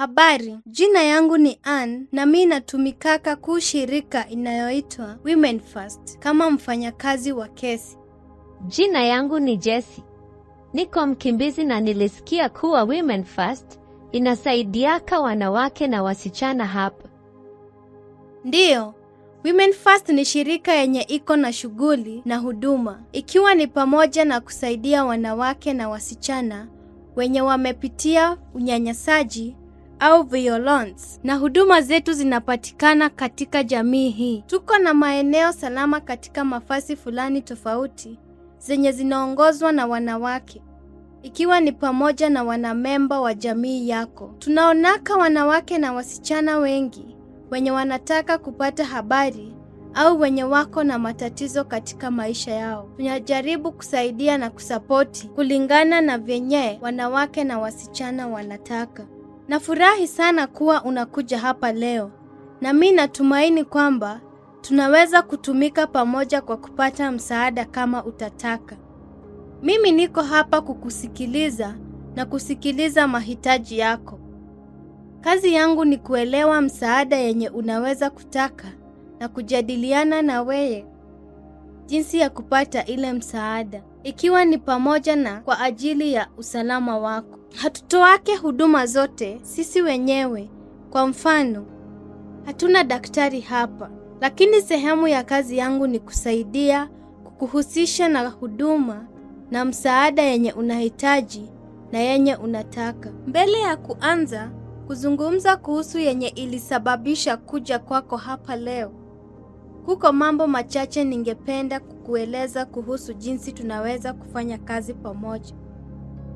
Habari, jina yangu ni Ann na mi natumikaka ku shirika inayoitwa Women First kama mfanyakazi wa kesi. Jina yangu ni Jesse, niko mkimbizi na nilisikia kuwa Women First inasaidiaka wanawake na wasichana hapa. Ndiyo, Women First ni shirika yenye iko na shughuli na huduma, ikiwa ni pamoja na kusaidia wanawake na wasichana wenye wamepitia unyanyasaji au violence, na huduma zetu zinapatikana katika jamii hii. Tuko na maeneo salama katika mafasi fulani tofauti zenye zinaongozwa na wanawake ikiwa ni pamoja na wanamemba wa jamii yako. Tunaonaka wanawake na wasichana wengi wenye wanataka kupata habari au wenye wako na matatizo katika maisha yao. Tunajaribu kusaidia na kusapoti kulingana na vyenye wanawake na wasichana wanataka. Nafurahi sana kuwa unakuja hapa leo, na mi natumaini kwamba tunaweza kutumika pamoja kwa kupata msaada kama utataka. Mimi niko hapa kukusikiliza na kusikiliza mahitaji yako. Kazi yangu ni kuelewa msaada yenye unaweza kutaka na kujadiliana na wewe jinsi ya kupata ile msaada, ikiwa ni pamoja na kwa ajili ya usalama wako hatutoake huduma zote sisi wenyewe. Kwa mfano, hatuna daktari hapa, lakini sehemu ya kazi yangu ni kusaidia kukuhusisha na huduma na msaada yenye unahitaji na yenye unataka. Mbele ya kuanza kuzungumza kuhusu yenye ilisababisha kuja kwako hapa leo, kuko mambo machache ningependa kukueleza kuhusu jinsi tunaweza kufanya kazi pamoja.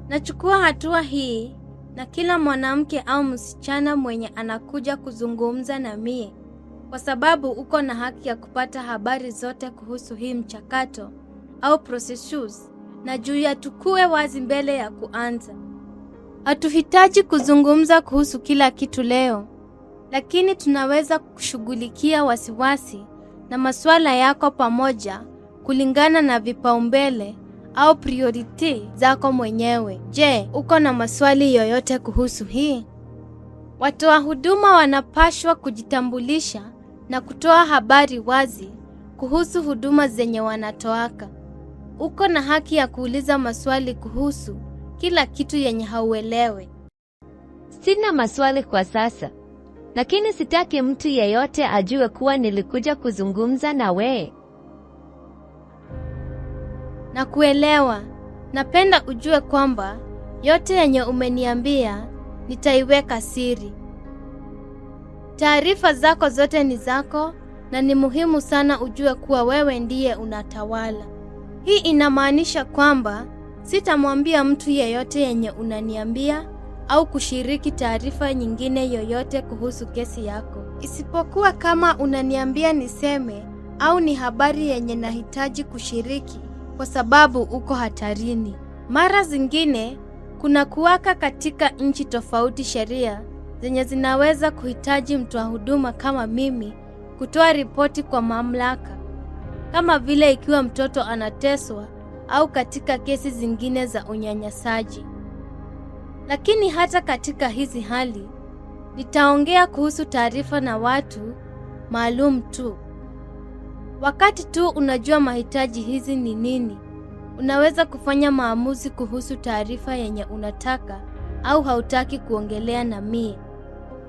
Nachukua hatua hii na kila mwanamke au msichana mwenye anakuja kuzungumza na mie, kwa sababu uko na haki ya kupata habari zote kuhusu hii mchakato au processus, na juu ya tukue wazi mbele ya kuanza. Hatuhitaji kuzungumza kuhusu kila kitu leo, lakini tunaweza kushughulikia wasiwasi na masuala yako pamoja kulingana na vipaumbele au priority zako mwenyewe. Je, uko na maswali yoyote kuhusu hii? Watoa huduma wanapashwa kujitambulisha na kutoa habari wazi kuhusu huduma zenye wanatoaka. Uko na haki ya kuuliza maswali kuhusu kila kitu yenye hauelewe. Sina maswali kwa sasa, lakini sitaki mtu yeyote ajue kuwa nilikuja kuzungumza na wewe na kuelewa. Napenda ujue kwamba yote yenye umeniambia nitaiweka siri. Taarifa zako zote ni zako na ni muhimu sana ujue kuwa wewe ndiye unatawala. Hii inamaanisha kwamba sitamwambia mtu yeyote yenye unaniambia au kushiriki taarifa nyingine yoyote kuhusu kesi yako, isipokuwa kama unaniambia niseme au ni habari yenye nahitaji kushiriki kwa sababu uko hatarini. Mara zingine kuna kuwaka katika nchi tofauti sheria zenye zinaweza kuhitaji mtoa huduma kama mimi kutoa ripoti kwa mamlaka, kama vile ikiwa mtoto anateswa au katika kesi zingine za unyanyasaji. Lakini hata katika hizi hali, nitaongea kuhusu taarifa na watu maalum tu. Wakati tu unajua mahitaji hizi ni nini, unaweza kufanya maamuzi kuhusu taarifa yenye unataka au hautaki kuongelea na mie,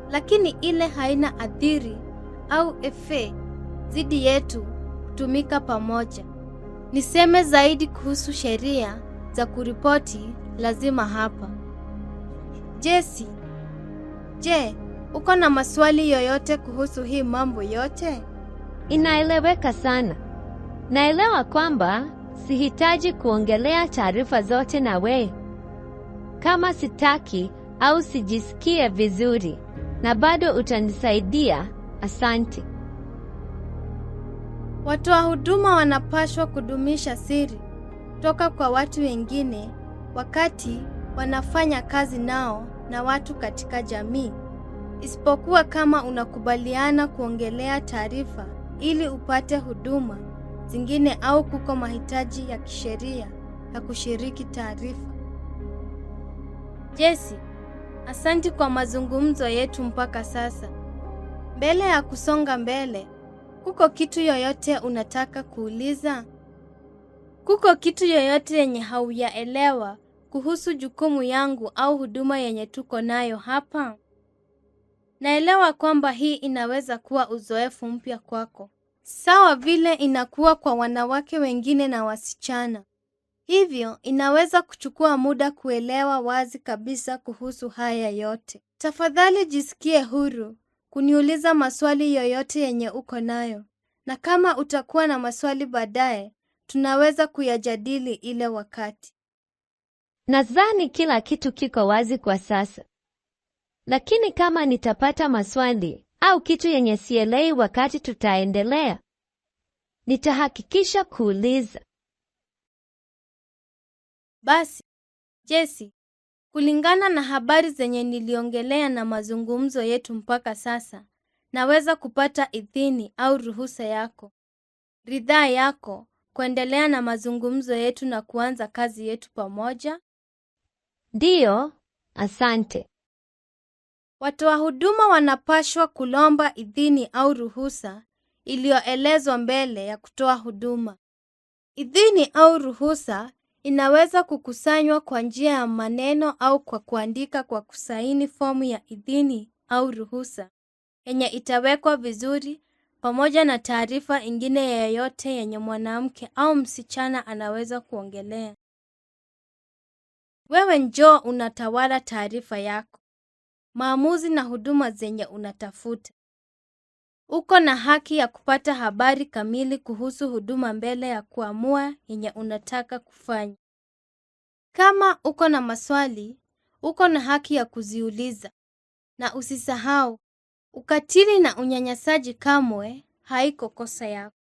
lakini ile haina athiri au efe dhidi yetu kutumika pamoja. Niseme zaidi kuhusu sheria za kuripoti lazima hapa. Jesi, je, uko na maswali yoyote kuhusu hii mambo yote? inaeleweka sana. Naelewa kwamba sihitaji kuongelea taarifa zote na we. Kama sitaki au sijisikie vizuri na bado utanisaidia, asante. Watoa huduma wanapaswa kudumisha siri toka kwa watu wengine wakati wanafanya kazi nao na watu katika jamii, isipokuwa kama unakubaliana kuongelea taarifa ili upate huduma zingine au kuko mahitaji ya kisheria ya kushiriki taarifa. Jesi, asanti kwa mazungumzo yetu mpaka sasa. Mbele ya kusonga mbele, kuko kitu yoyote unataka kuuliza? Kuko kitu yoyote yenye hauyaelewa kuhusu jukumu yangu au huduma yenye tuko nayo hapa? Naelewa kwamba hii inaweza kuwa uzoefu mpya kwako, sawa vile inakuwa kwa wanawake wengine na wasichana. Hivyo inaweza kuchukua muda kuelewa wazi kabisa kuhusu haya yote. Tafadhali jisikie huru kuniuliza maswali yoyote yenye uko nayo, na kama utakuwa na maswali baadaye, tunaweza kuyajadili ile wakati. Nadhani kila kitu kiko wazi kwa sasa lakini kama nitapata maswali au kitu yenye sielei wakati tutaendelea, nitahakikisha kuuliza. Basi Jesse, kulingana na habari zenye niliongelea na mazungumzo yetu mpaka sasa, naweza kupata idhini au ruhusa yako, ridhaa yako kuendelea na mazungumzo yetu na kuanza kazi yetu pamoja? Ndiyo, asante. Watoa huduma wanapashwa kulomba idhini au ruhusa iliyoelezwa mbele ya kutoa huduma. Idhini au ruhusa inaweza kukusanywa kwa njia ya maneno au kwa kuandika kwa kusaini fomu ya idhini au ruhusa yenye itawekwa vizuri pamoja na taarifa ingine yoyote yenye mwanamke au msichana anaweza kuongelea. Wewe njoo unatawala taarifa yako maamuzi na huduma zenye unatafuta. Uko na haki ya kupata habari kamili kuhusu huduma mbele ya kuamua yenye unataka kufanya. Kama uko na maswali, uko na haki ya kuziuliza. Na usisahau, ukatili na unyanyasaji kamwe haiko kosa yako.